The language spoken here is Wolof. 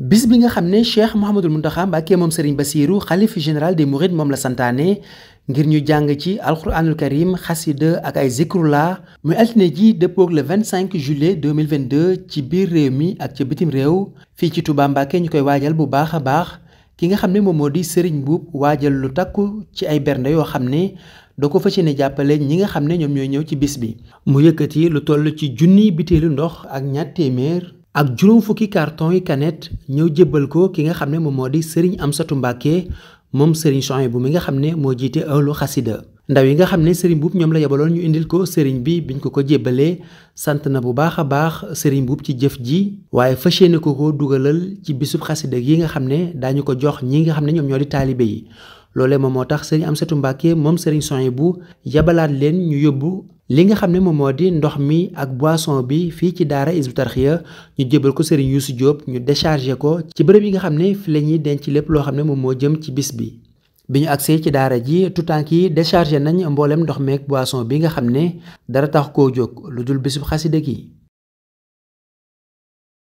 bis bi nga xam ne cheikh Mouhamadul Mountakha Mbacké moom Serigne Bassirou xalif général des mourides moom la santaane ngir ñu jàng ci alquranul karim xasida ak ay zikrullah muy altine ji dëppoog le 25 juillet 2022 ci biir réew mi ak ca bitim réew fii ci Touba Mbacké ñu koy waajal bu baax a baax ki nga xam ne moom moo di Serigne bu waajal lu takku ci ay bernde yoo xam ne doo ko fas yéene jàppale ñi nga xam ne ñoom ñooy ñëw ci bis bi. mu yëkkati lu toll ci junni biteelu ndox ak ñaar ak juróom fukki carton yi canette ñëw jébbal ko ki nga xam ne moom moo di Serigne Amsatou Mbacké moom Serigne Souhaïbou mi nga xam ne moo jiite ëllu xasida ndaw yi nga xam ne Serigne Mboup ñoom la yebaloon ñu indil ko Serigne bi ñu ko ko jébbalee sant na bu baax a baax Serigne Mboup ci jëf ji waaye fas yéene ko ko dugalal ci bisub xasida yi nga xam ne daañu ko jox ñi nga xam ne ñoom ñoo di taalibe yi loolee moom moo tax sëriñ setu Mbàkke moom sëriñ bu yabalaat leen ñu yóbbu li nga xam ne moom moo di ndox mi ak boisson bi fii ci daara Hizbut ya ñu jëbal ko sëriñ Youssou jóob ñu déchargé ko ci bërëb yi nga xam ne fi la ñuy denc lépp loo xam ne moom moo jëm ci bis bi bi ñu agsee ci daara ji tànk yi déchargé nañ mboolem ndox meeg boisson bi nga xam ne dara tax koo jóg lu dul bisub xasida gi